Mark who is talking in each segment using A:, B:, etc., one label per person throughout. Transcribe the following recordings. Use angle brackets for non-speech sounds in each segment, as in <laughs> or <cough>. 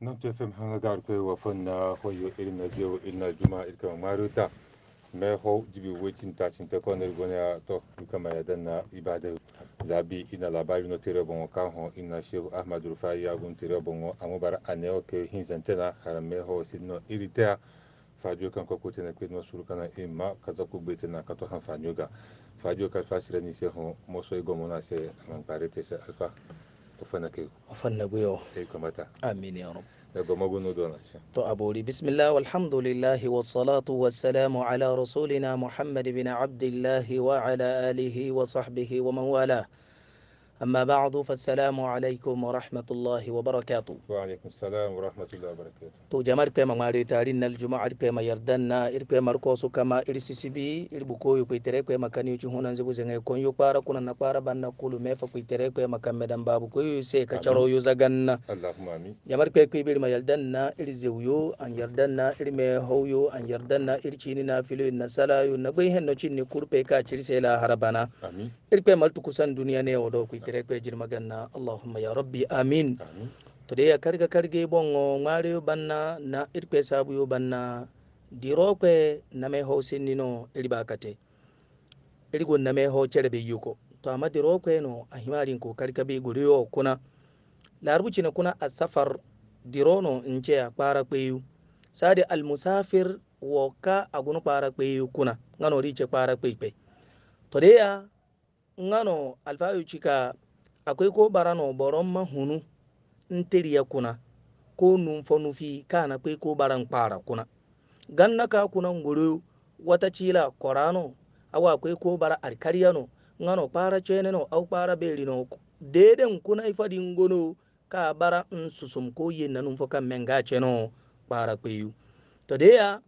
A: nam te fem hanga gar ko wa fanna hoyo irin na zewo inna juma irka maruta me ho jibi wecin ta cin ta konar gona to duka mai dan na ibada zabi ina labari no tire bon ka ho ina shehu ahmad rufai ya gun tire bon amubara aneo ke hin zantena harame ho sinno irita fajo kan ko tena kwe no suru kana imma kaza ku bete na kato han fanyoga fajo ka fasira ni se ho moso e gomona se man parete se alfa بسم الله
B: والحمد لله والصلاة والسلام على رسولنا محمد بن عبد الله وعلى آله وصحبه ومن والاه أما بعد فالسلام عليكم ورحمة الله وبركاته وعليكم السلام ورحمة الله وبركاته تو جمار بما ماري تارين الجمعة بما يردنا إر بما ركوسو كما إر سي سي بي إر بكوي كي تري بما كان يجي هنا نزبو زنعي كون يو بارا كنا نبارا بان نقول ميفا فكوي تري بما كان مدام بابو كوي يسي كشرو يزعن اللهم آمين جمار بما بما يردنا إر زويو أن يردنا إر ما هويو أن يردنا إر تشيني نافلو إن سلا يو نبيه نشيني كور بيكا تشيل سيلا هربانا آمين إر بما تكوسان دنيا نيو كوي direbe ganna allahumma ya rabbi amin tode ya karga karge bongo ngwari yo banna na irkwe sabu yo banna diro kwe name ho sinino iriba kate irigo name ho cerebe yuko to amma diro no ahimarin ko karga be guri kuna larbuci na kuna asafar diro no nce a kweyu sadi almusafir woka agunu kpara kweyu kuna ngano rice kpara kwekwe tode ngano alfayu cika akwai ko barano boron mahunu ntiri ya kuna ko numfo nufi kana kwai ko baran kpara kuna ganna ka kuna nguru wata cila korano awa akwai ko bara arkariano ngano kpara ceneno au kpara berino deden kuna ifadi ngono ka bara nsusum ko yenna numfo kan menga cheno para kwayu to deya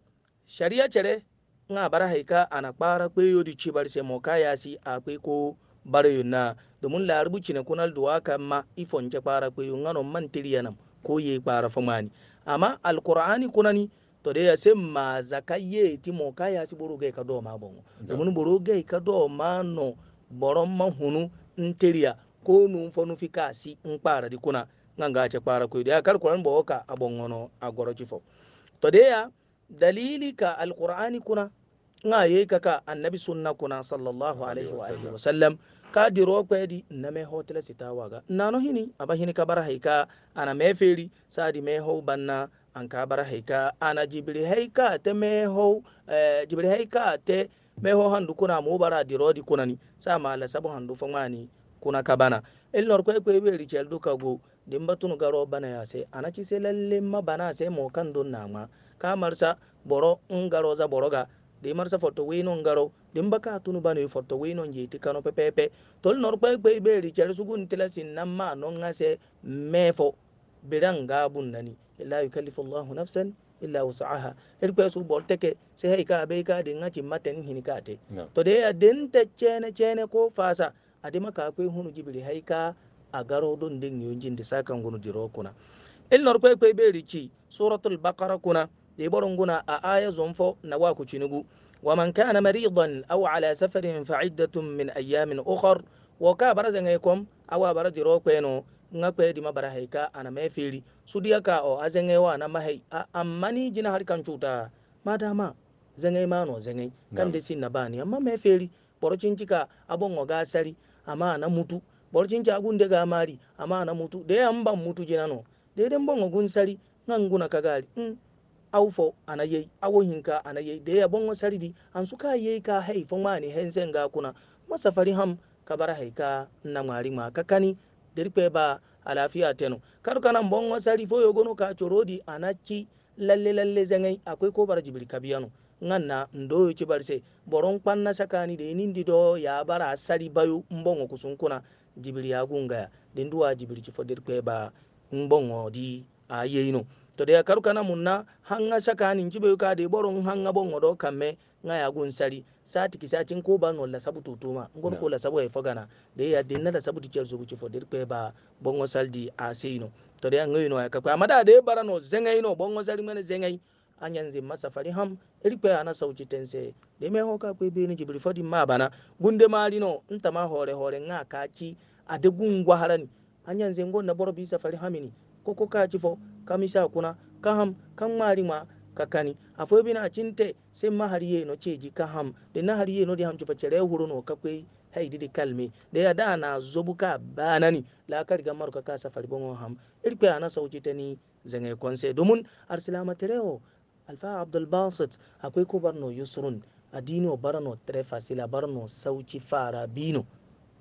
B: shari'a chere nga bara haika ana kpara kpeyo di cibar se mo ka yasi a kpe ko bara yo na domin larabu cine kunal duwa kan ma ifon ce kpara kpeyo nga no man tiriyanam ko ye kpara famani amma alqur'ani kunani to de yase ma zaka ti mo ka yasi boro ge ka do ma bongo domin boro ge ka do ma no boro ma hunu nteriya ko nu fonu fikasi nkpara di kuna nga ce kpara kpeyo de akal bo ka abongono agoro cifo to de ya dalili ka alqur'ani kuna nga yei kaka annabi sunna kuna sallallahu alaihi wa alihi wasallam ka diro kwedi na me hotela sita waga nano hini aba hini ka bara haika ana me feri sadi me ho banna an ka bara haika ana jibri haika te me ho eh, jibri haika te me ho handu kuna mu bara diro di kunani sa mala sabu handu famani kuna ka bana el nor kwe kwe beri chel du ka go dimba tunu garo bana ya se ana chi se lalle ma bana se mo kan don nama ka marsa boro ngaroza boroga de marsa fotto weino garo de baka tunu banu e fotto weino jeti kano pepepe tol nor kwe kwe be ri chare sugu ntila sin namma non ngase mefo biranga bun nani illa yukallifu allahu nafsan illa wusaaha er kwe su bol teke se hay ka be ka de ngati maten hini kate to de a den te chene chene ko fasa adima ka kwe hunu jibili hay ka a garo don den yonjin de sakan gunu diro kuna el nor kwe kwe be ri chi suratul baqara kuna لبرن قنا آية زنفو نواكو تشنقو ومن كان مريضا أو على سفر فعدة من أيام أخر وكا برزن يكم أو برد روكينو nga kwe di mabara heka ana mefili sudia ka o azenge wa na mahai amani jina harikan chuta madama zenge mano zenge kan de sin nabani amma mefili borocin cika abon o gasari amma na mutu borocin ci agun ga mari amma na mutu de amba mutu jina no de den bon o gunsari nganguna kagali mm. awufo anaye awo hinka anaye da ya bongo saridi an su ka yi ka hai fo ma ni hense nga kuna masafari ham kabara hai ka na ngari ma kakani dirpe ba alafiya tenu karu kana bongo sari fo yo gono ka chorodi anachi lalle lalle zengai akwai ko bar jibril kabiyano nganna ndo yo chibarse boron panna sakani de nindi do ya bara sari bayu mbongo kusunkuna jibril ya gunga dinduwa jibril chifo dirpe ba mbongo di ayeino todeya karukana munna hanga shakani njibe yuka de boron hanga bongo do kamme ngaya gun sari sati kisati ko ba ngol sabu tutuma ngol ko la sabu e fogana de ya din na sabu ti chelso ko der ko ba bongo saldi a seino todeya ngaino ya kakwa amada de barano zengaino bongo sari mene zengai anyan zin masa fari ham iri kwe ana sauci tense de me ho ka kwe bini jibri fodi ma bana gunde mali no ntama hore hore nga kachi ade gungwa harani anyan zin ngon na boro bisa fari hamini koko ka chifo kamisa kuna kaham kan mari ma kakani afo bina sai ma hariye no ceji kaham de hariye no di ham chifo cere huru no kakwe hay de kalme de ya dana zobuka banani la ka k'a kaka safari bongo ham irpe ana sauchite ni zenge konse domun arsilama tereo alfa abdul basit akwai ko barno yusrun adino barno tre fasila barno sauci fara bino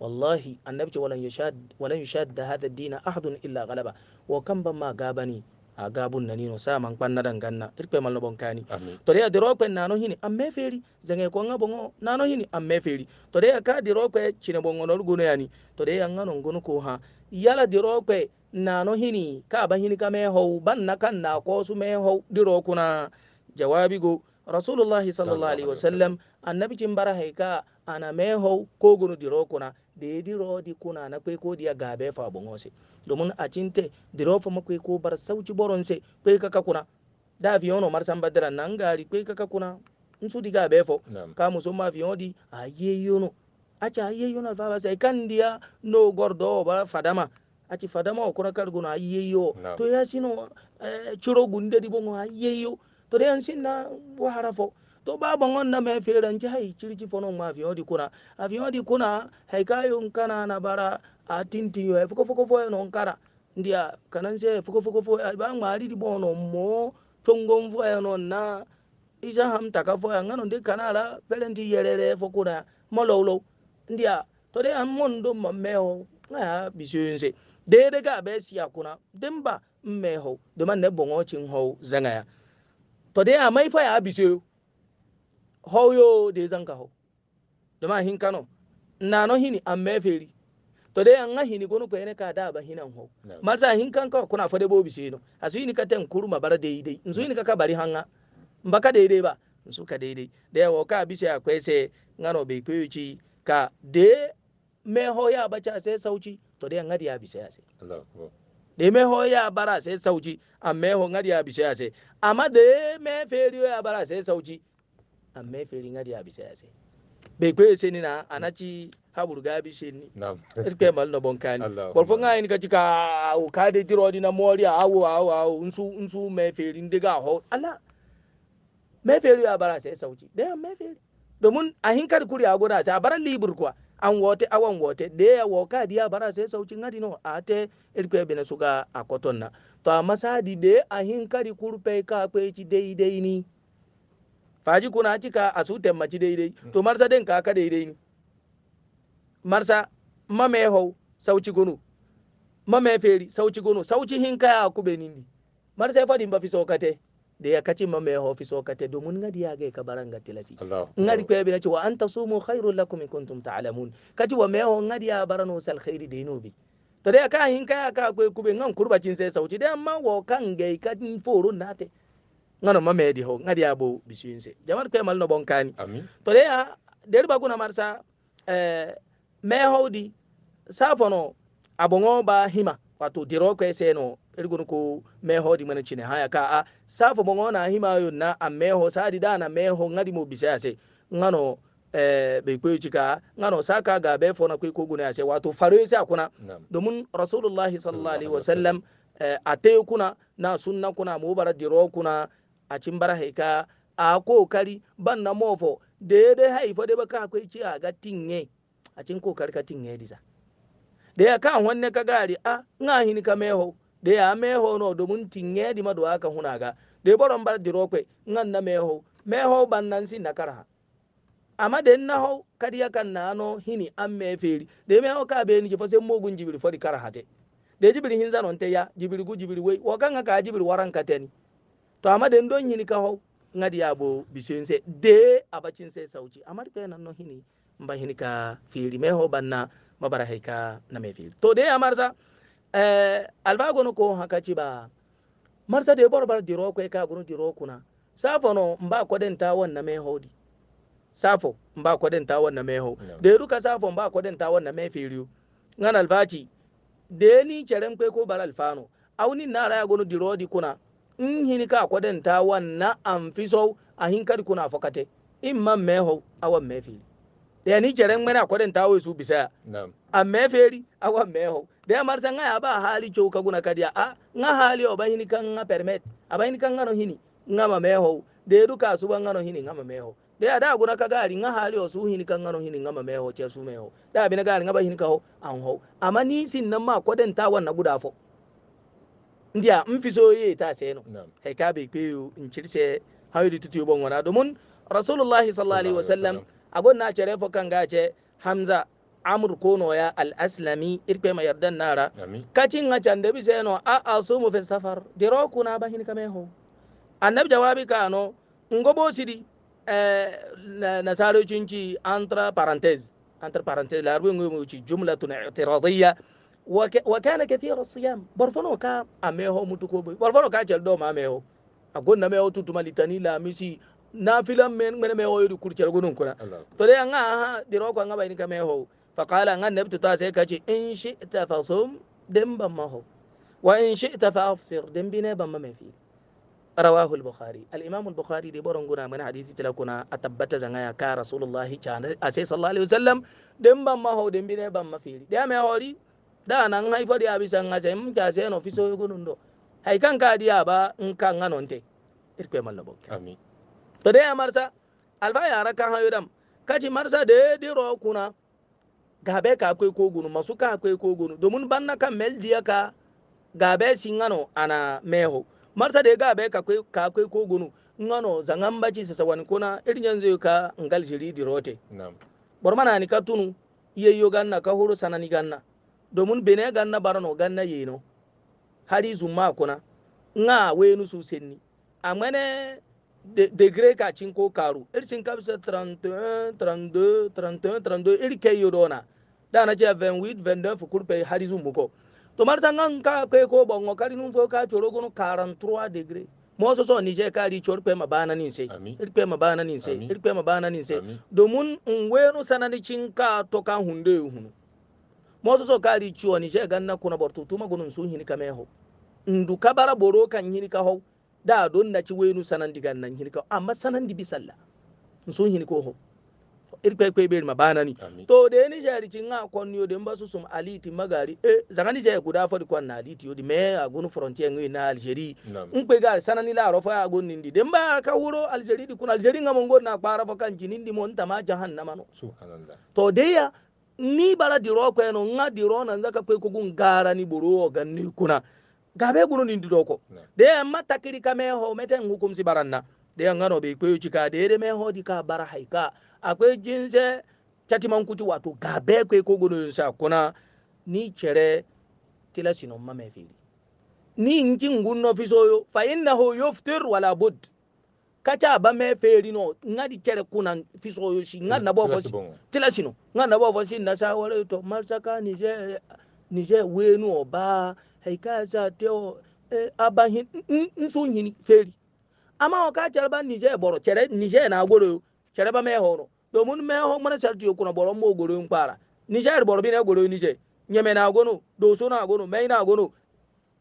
B: wallahi annabi ce walan yushad walan yushad da hada dina ahadun illa galaba wa kan ban ma gabani a gabun na nino sa man kpanna dan ganna irkwe mal no bonkani to de adiro kwen nano hini amme feri zange ko nga bongo nano hini amme feri to de ka diro kwe chine bongo no rugo yani to de yanga no ngono ko ha yala diro kwe nano hini ka ban hini ka me ho ban na kan na ko su me ho diro kuna jawabi go rasulullahi sallallahu alaihi wasallam annabi cin bara haika ana me ho ko gunu diro kuna da diro di kuna na kwe ko dia gabe fa bonose domin a cinte diro fa makwe ko bar sauci boronse kwe kaka kuna da viono mar samba dara nan gari kwe kaka kuna nsu di gabe fo ka muso ma vion di aye yono acha aye yono fa ba sai kan dia no gordo bara fadama aci fadama o kuna kar guna aye yo to ya sino eh, gunde di bongo aye yo to de an sinna wahara fo to baba gonna me feranci hay circi fonon ma fiyoɗi kuna a fiyoɗi kuna hay kayon kana na bara a tintiyo hay foko foko foye non kara ndiya kanan se foko foko foye ɓa gariɗi ɓono mo tongon foye non na isa ham taka foya ngano ndi kanala pelenti yerere fokuna malowlow ndiya to de an mon do ma meho ngaya bisoyonse dede ga ɓe siya kuna demba mmeho doma ne boŋo cin ho zagaya to de amai faya bisoyo hoyo de zanka ho dama hin kano na no hini amme feri to de an hini gonu ko ene ka da ba hinan ho hin kan ka kuna fade bobi se no asu hini ka ten kuruma bara de dai nzu hini ka ka bari hanga mbaka de dai ba nsu ka de dai de wo ka bi se akwese ngano be ka de me ya sai to de an ya bi ya ho ya bara sai ho ya ya sai amme feri ngadi abise ase be kwe ni na anachi haburu ga bi seni na'am irke mal no bonkani golfo nga ni kachi ka o ka de diro di na mori awo awo awo nsu nsu me feri ndiga ho ala me feri ya bara sai sauci da me feri domin a hin hinkar kuri a gona sai a bara libur kuwa an wote awan wote da ya wo woka diya bara sai saucin hadi no a te irkwe bene suga a koton na to a masadi de a hin hinkari kurpe ka ci kweci daidai ni faji kuna ci ka a su temma ci dai dai to marsa den ka ka dai dai marsa ma me ho sauci gonu ma me feri sauci gonu sauci hin ka ya ku be nindi marsa fa din ba fi sokate da ya kaci ma me ho fi sokate domin ngadi ya ga ka baranga tilasi ngadi ko be na ci wa anta sumu khairul lakum in kuntum ta'lamun kaci wa me ho ngadi ya barano sal khairi dai no bi to dai ka hin ka ya ka ku be ngan kurba cin sai sauci dai amma wo kan ga ka foro na te ngano mame di ho ngadi abo bisuinse jamar ko mal no bonkani amin to de der ba kuna marsa eh me hodi safono abongo ba hima wato diro ko ese no irgun ko me hodi mana chine haya ka a safo bongo na hima yo na amme ho sadi da na me ho ngadi mo bisa se ngano eh bai koyi cika ngano saka ga be fona ko ko guna se wato faro se akuna domin rasulullahi sallallahu alaihi wasallam eh ate kuna na sunna kuna mubara diro kuna a cimbara heka a kokari ban na mofo daidai haifo da baka akwai ci a ga tinye a cin kokari ka tinye diza da ya kan wanne ka gari a nga hini ka meho da ya meho no domin tinye di madu aka huna ga da boron bar diro kwe ngan na meho meho ban nan sin na karha amma da na ho kadiya kan na no hini an me feri da meho ka be ni fa sai mogun jibiri fari karha te da jibiri hin zanon te ya jibiri gu jibiri wai wa ka jibiri waran ka te ni to amma den don yini ka ngadi yabo bisen se de abacin se sauci amma ka nan no hini mba hini ka firi me ho banna mabara hay na me firi to de amarsa eh alba gono ko hakaci ba marsa de bor bar diro ko ka gono diro kuna safo no mba ko den ta wannan me hodi safo mba ko den ta wannan me ho de ruka safo mba ko den ta wannan me firi ngana albaci de ni cerem ko baral fano awni nara ya gono diro di kuna in hini ka kwaden ta wannan an fi sau a hinkari kuna fakate in man me hau awan me fili da ya ni jaren mana kwaden ta wai su bisaya an me feri awan me hau da ya marsa nga ya ba hali cewa ka guna kadiya a nga hali o ba hini kan nga permit a ba hini kan nga no hini nga ma me hau da ya duka su ban nga no hini nga ma me hau da ya da guna ka gari nga hali o su hini kan nga no hini nga ma me hau ce su me hau da ya bi na gari nga ba hini ka hau an hau amma ni sin nan ma kwaden ta wannan guda fau ndia mfiso ye ta seno hay ka be pe peyo incirse hawri tutu bon wana domun rasulullah sallallahu alaihi wasallam agon na chere fo kan che hamza amr kono ya al aslami irpe ma yardan nara kachin nga chande bi seno a asumu fi safar diro kuna bahin kame ho annabi jawabi ka kano ngobo sidi eh na nasaro cinci antra parenthèse entre parenthèse larwe mu chi jumlatun i'tiradiyya وكان كثير الصيام برفنو كا اميهو متكو برفنو كا جلدو ما اميهو اغون اميهو تو تمالتاني لا ميسي نافلا من من اميهو يدو كورچل غونون كورا تولي انغا ديرو كو انغا باين كا اميهو فقال انغا نبت تو سي كاجي ان شئت فصوم دم بما هو وان شئت فافسر دم بنا بما ما في رواه البخاري الامام البخاري دي بورون غونا من حديث تلكونا اتبت زنا يا رسول الله صلى الله عليه وسلم دم بما هو دم بما في دي اميهو dana ngai fodi abisa ngase mja se no fiso gunundo hay kan ka dia ba nka nganonte irkwe mallo bokke amin to de amarsa alfa yara kan hayudam kaci marsa de diro kuna gabe ka kwe ko gunu masu ka kwe ko gunu domin banna kan mel dia ka gabe singano ana meho marsa de gabe ka kwe ka kwe ko gunu ngano zangambaci sasa wani kuna irin yanzu ka ngal jiri dirote na'am bormana ni ka tunu yeyo ganna ka huru sanani ganna domin bene ganna barano ganna yeno hari zuma kuna nga wenu su senni amane degre ka cinko karu ir cin kapsa 31 32 31 32 ir ke yodona dana je 28 29 fukur pe hari zumu ko to mar sangan ka pe ko bongo kari nun fo ka choro gono 43 degre, mo so so ni je kari choro pe mabana nin se ir pe mabana nin se ir pe mabana nin se domun nwenu sanani cinka to kan hunde hunu moso so kari ni she ganna kuna tuma gunun sun hini kame ho ndu kabara boro kan hini ka ho da don na ci wenu sanandi gannan hini ka amma sanandi bisalla sun hini ko ho irkwe kwe beri mabana ni to de ni jari ci nga kon yo de mbasu sum aliti magari e zangani jay kuda fodi kon na aliti yo di me agun frontier ngi na algeri nkwe ga sanani la rofa agun nindi de mba ka wuro algeri di kun algeri nga mongo na kwara fa kan jinindi mon tama jahannama no subhanallah to de ya ni bara diro kweno nga diro na nzaka kwe kugu ngara ni buru ga ni kuna gabe guno ni ndidoko no. de mata kiri kame ho meten ngano be kwe chika de de bara haika akwe jinse chati mankuti watu gabe kwe kugu no kuna ni chere tila sino mame fili ni nji ngunno fisoyo fa innahu yuftir wala bud k a c h a b a m e feeri n o n g a di k e r ɛ kun a f i s o g ɔ yo si n g a nabɔ fɔ tilasi nɔ ŋa nabɔ fɔ si nasa wale t o m a r s a k a n i z e n i z e wenu o ba hikasa t e o eh, aba hin n s n y i n i feeri a ma f k'a c e r ɛ b a n i z e b o r o c e r ɛ n i z e n'a goro yo cɛrɛba m e h o r o d o m u n m e h o ŋmɛnɛ sari t i o k u n a b o r o m b'o goro in k p a r a n i z ɛ r b o r o bi ne goro in n i z n y ɛ m e n'a gono doso n'a gono m e n'a gono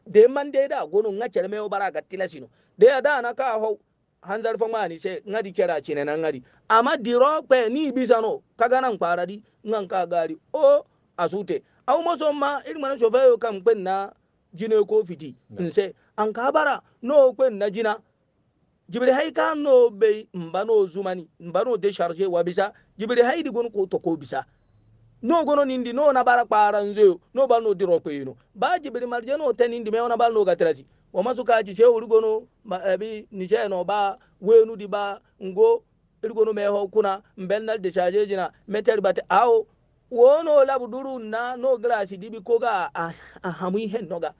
B: de man de da gono n g a c e r ɛ m e o b a r a a ka tilasi n o de a da na k'a hɔ hanzar fa mani se ngadi kera chine na ngadi ama diro pe ni bisano kaga nan kwara di ngan ka gari o asute au mo somma irin mana shofa yo kam kwen na jine ko fiti nse an ka bara no kwen na jina jibiri hay ka no be mbano zumani mbano décharger wa bisa jibiri hay di gon ko to ko bisa no gono nindi no na bara kwara nzeyo no ba no diro pe no ba jibiri marje no tenindi me ona ba no gatrasi wamasuka ci shehu rigono abi nice no ba wenu di ba ngo rigono me ho kuna mbelnal de charge jina meter bat awo wono labu duru na no glass dibi koga a, a hamui hen noga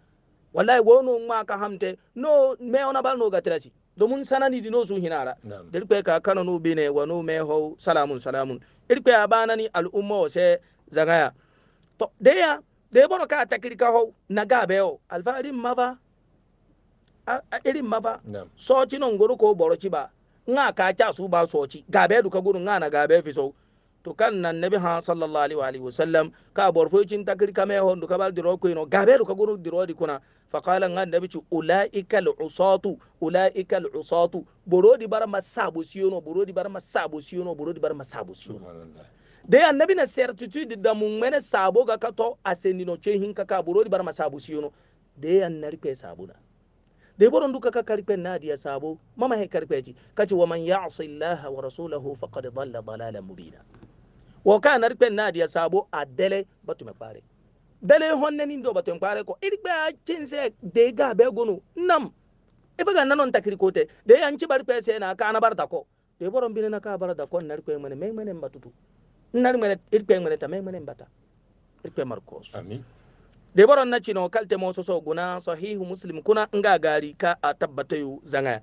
B: wallahi wono ma ka hamte no me ona bal noga terasi domin sanani dino su hinara dirkwe ka kana no bine wa no me ho salamun salamun irkwe abanani al'umma wase zagaya to ya de boro ka takirika ho naga beo alfarin mafa irin maba soci non goro ko boroci ba nga ka ca su ba soci gabe du ka guru nga na gabe fi to kan nan nabi ha sallallahu alaihi wa alihi wasallam ka borfo cin takri kame hon du ka bal diro ko ino gabe du ka guru diro di kuna fa qala nga nabi ci ulaikal usatu ulaikal usatu borodi bar masabu siyono borodi bar masabu siyono borodi bar masabu siyono de annabi na certitude da mun mene sabo ga kato asendino chehin kaka borodi bar masabu siyono de annari pe sabuna de boron duka ka karpe nadiya sabo mama he karpeji kaci waman yasi llaha wa rasulahu faqad dalla dalalan mubina wo ka narpe nadiya sabo a dele batume dele honne nin do batume kpare ko irigbe a cinse de ga be gonu nam ifa ga nanon takiri kote de yanci bari pese na na barta ko de boron bine na ka barta ko narpe mene mene mbatutu nar irpe mene ta mene mbata irpe marcos amin deboron nacino kalte mososo guna sahihu muslim kuna nga gari ka a tabbatayu zanga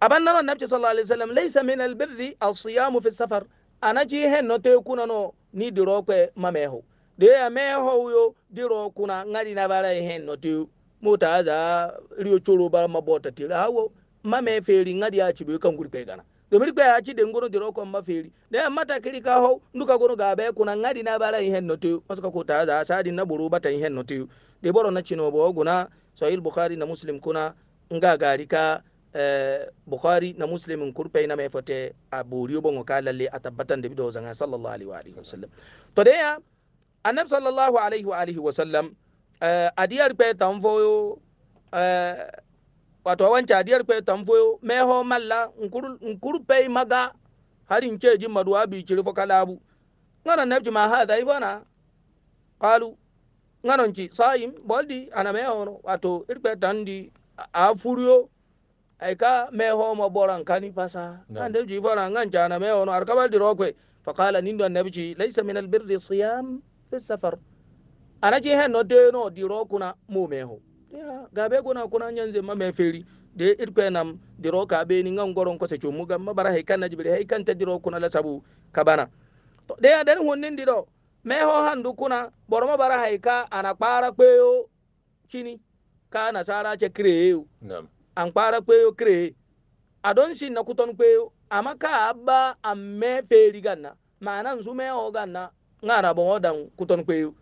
B: abanna non nabi sallallahu alaihi wasallam laysa min albirri alsiyamu fi safar anaji hen no te kuna no ni diro kwe mameho de ya meho yo diro kuna ngari na bara hen no te mutaza rio churu bal mabota tira hawo mame feri ngari a chibu kan gurbe gana domin kpe ya chide ngono jiro ko ma feri da mata kiri ka ho nduka gono ga be kuna ngadi na bala ihen notu masaka ko ta za sadi na buru bata ihen notu de boro na chino bo guna sahih bukhari na muslim kuna nga garika ka eh, bukhari na muslim kurpe na mai fote a buriyo bongo ka lalle a tabbatan da bido zanga sallallahu alaihi wa alihi wasallam to da ya annabi sallallahu alaihi wa alihi wasallam eh, adiyar pe tanfoyo eh, wato wanca diyar kwe tamfoyo meho malla nkuru pei maga hari ncheji maduwa bi chiri fo kalabu ngana nebji ma hadha ivana qalu ngana nchi saim boldi ana meho no wato irkwe tandi afuriyo aika meho mo boran kani pasa ngana nebji ivana ngancha ana meho no arkabal diro kwe faqala nindo nebji laysa min birri siyam fi safar anaji hen no deno di rokuna mu meho gabe gona kuna nyanze ma me feri de irpe nam diro ka be ni ngan goron ko se chumu gam ma bara he kan najibri he kan tadiro kuna la sabu kabana to de ya den honnin dido me ho handu kuna boroma bara he ka ana kpara kpeyo chini ka na sara che kreyo nam an kpara kpeyo kre adon shin na kuton kpeyo amaka abba amme feri ganna manan su me ho ganna ngara bon odan kuton kpeyo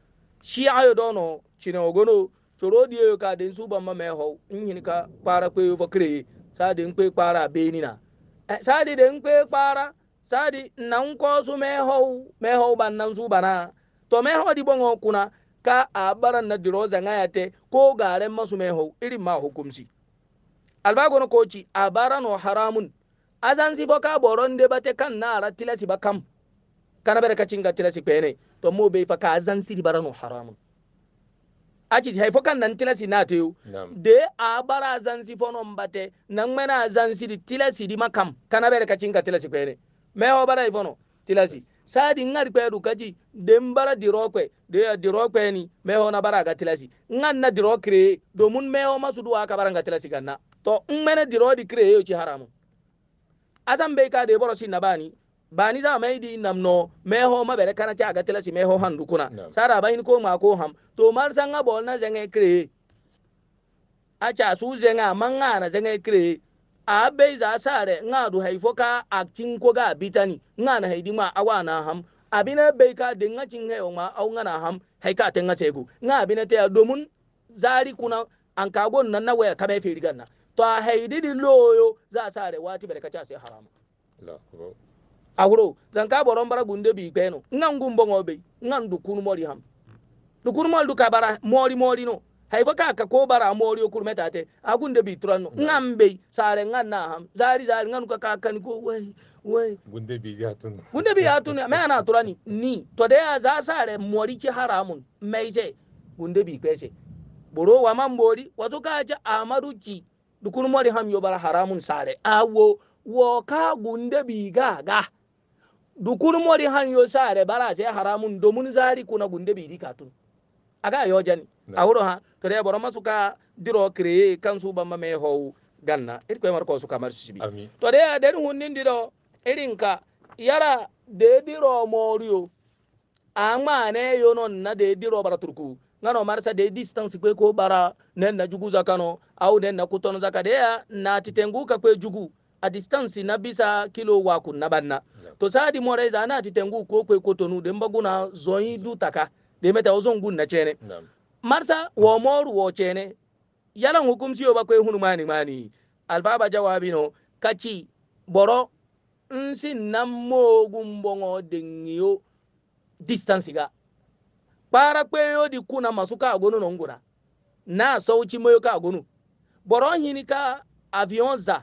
B: shi ayo dono chine ogono coro di yo ka den suban ma me ho nyin ka para kwe yo fakre sa den kwe para beni na eh, sa di den kwe kpaara sa di nan ko su me ho me ho ban nan su bana to me ho di bongo kuna ka a bara na diroza ngayate ko garen masu me ho irin ma hukumsi albago no ci a baran haramun azan si foka boron de bate kan na ara tilasi bakam kana bere kacinga tilasi pene to mo be fa ka azansi di n'o haramun aci hay fo kan nan tilasi na teyo de a bara zansi fonon bate nan mena zansi di tilasi di makam kana bere kacin ka tilasi kwene me o bara ifono tilasi sadi ngari kwe du kaji de mbara diro kwe de diro kwe ni me ho na bara ga tilasi ngan na diro kre domun me o masu duwa ka bara ga tilasi ganna to in mena diro di kre yo ci haramu azan be ka de boro sin na bani bani za mai di namno meho mabere kana cha gatela si meho handu kuna no. sara bayin ko ma ko ham to mar sanga bol na zenge kre acha su zenga manga na zenge kre a be za sare nga du haifo ka akin ko ga bitani nga na haidi ma awana ham abina be ka dinga cin he ma au nga na ham hay haika tenga segu nga abina te domun zari kuna an ka gon nan na waya kame firigan na to haidi di loyo za sare wati bere ka cha sai haramu no. aguro zanka boron bara gunde bi gbeno ngan gumbo ngobe ngan dukun mori ham dukun mol ka bara mori mori no hay ko ka ka ko bara mori o kurmeta te agunde bi turanno ngan be sare ngan na ham zari zari ngan ka ka kan ko wai wai gunde bi ya tun gunde bi ya tun me ana turani ni to da za sare mori ki haramun mai je gunde bi pese boro wa man bori wazo ka ja amadu ki dukun mori ham yo bara haramun sare awo wo ka gunde bi ga ga dukun mori hanyo sare bara sai haramun domin zari kuna gunde bi dika tun aga yo jani a wuro ha tare boro masu ka diro kreye kansu bamba me ho ganna ir ko mar ko su kamar su bi to de den hunnin dido irin ka yara de diro moriyo amma ne yo non na de diro bara turku ngano marsa de distance kwe ko bara nen na jugu zakano au nen na kutono zakadea na titenguka kwe jugu a distance na bisa kilo wa kun na banna to sadi morai za na titengu ko kwe ko tonu de mbaguna zoyi du taka de meta ozon gun na chene marsa wo moru wo chene yalan hukum siyo ba kwe hunu mani mani alfaba jawabi no kachi boro nsi na mogun bongo dengiyo distance ga para kwe yo di kuna masuka agonu nongura na sauci moyo ka agonu boro hini ka za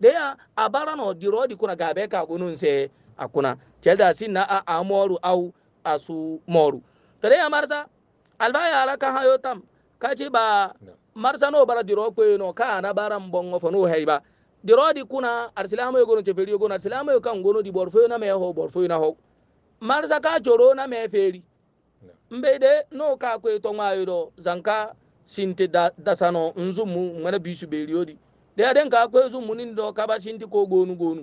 B: deya a bara no diro di kuna gabe ka gunun se akuna kelda sin na a amoru au asu moru tere ya marsa albaya ala ka hayo tam kaci ba marsa no bara diro ko no ka na bara mbongo fo no heiba diro di kuna arsilamo yo gono cheferi yo gono arsilamo yo kan gono di borfo na me ho borfo na ho marsa ka choro na me feri mbede no ka ko to ngayo do zanka sinte da dasano nzumu ngana bisu beriodi de aden ka ko zu munin do ka ba shinti ko gonu gonu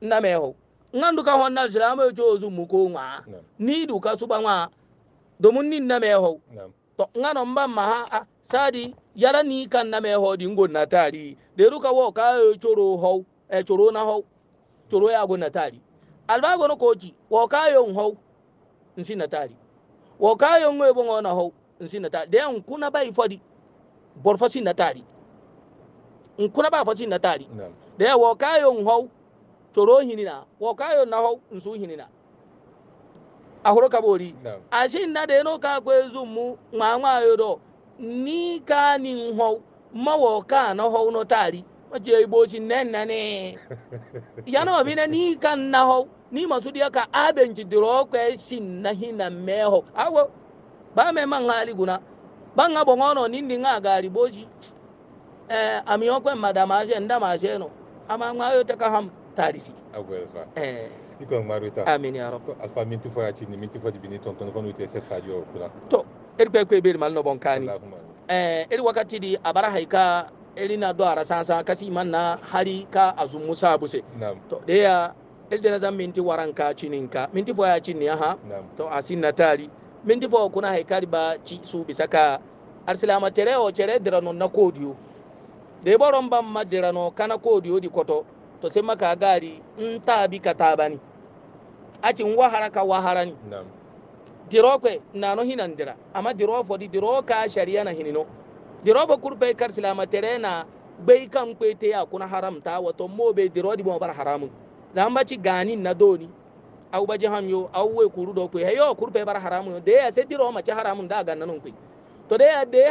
B: na me ho ngandu ka honna jilama jo zu mu ko nga ni du ka suba nga domin nin na me ho to ngano mba ma ha a, sadi yara ni kan na me ho di ngo na tari de ru ka wo ka choro ho e choro na ho choro ya gon na tari alba gon ko ji wo ka yo ho nsi na tari wo ka yo ngwe bo na ho nsi na tari de an kuna bai fodi borfasi na tari nkuna ba fasin na tari da ya wa kayon hau toro hinina wa kayon na hau nsu hinina a horo kabori a shin na da yano ka kwe zummu ma ma yodo ni ka ni hau ma wa ka na hau no tari ma je ibo shin <laughs> nan na ne yana bi na ni kan na hau ni masu diya ka aben jidiro kwe nahi na hina meho awo ba me man hali guna ban abon ono nindi nga gari boji eh amiyo kwa madama ashe nda mashe no ama ngayo taka ham
A: tarisi agwelfa eh iko ngmaru ta amin ya to alfa min tu faya chini min tu fa bini ton ton fonu te se fadio kula
B: to er be kwe be mal no bonkani eh er wakati di abara haika erina do ara sansa kasi manna hari ka azum musa buse to de ya elde na minti waranka chininka minti fo ya chini aha to asin natali tu fa kuna haikari ba chi su bisaka arsilama tere o tere dirano na kodiyo da ya baron ban majirano kana ko odi di koto to sai maka gari in ta bi ka ta bani akin wahara ka wahara ni diro na no hinan dira amma diro fo di diro ka shari'a na hinino diro fo kurpe kar silama terena bai kan kwete ya kuna haram haramta wato mo be diro di mo bar haramu dan ba ci gani na doni au ba ham yo au we kurudo do kwe heyo kurpe bar haramu de ya se diro ma ci haramun da ganna non kwe to de ya de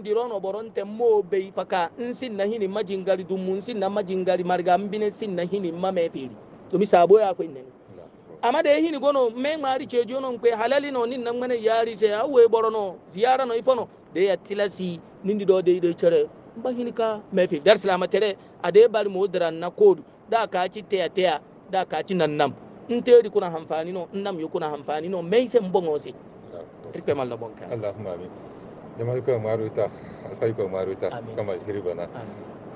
B: ndiro no boronte mo be faka nsin na hini majingari dumun sin na majingali marga mbine sin na hini mame fili to mi sabo ya kuin nen amma de hini gono me mari che jono nkwe halali no nin na mane yari che awe borono ziyara no ifono de ya tilasi nindi do de de chere mba hini ka me fili dar salama tere ade bal mo dran na kodu da ka ci teya teya da ka ci nan nam nteri kuna hamfani no nam yukuna hamfani no me se mbongo se Allahumma amin
A: نملكك معروتا فايك معروتا كما يريبنا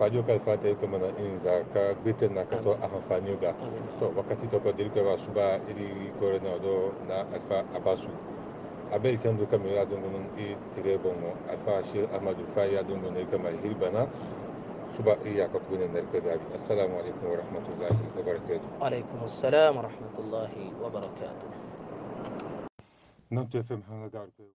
A: fajoka fata yake mana in za ka bitin na kato a amfani ga to wakati to ko dirka ba su ba iri gore na do na alfa abasu abel can duka mai ya dungun e tire bongo alfa shir amadu fa ya dungun ne kamar hirbana su ba iya ka kuma ne ka gabi assalamu alaikum wa rahmatullahi wa barakatuh alaikum assalam wa
B: rahmatullahi wa barakatuh
A: nan to fem hanga garko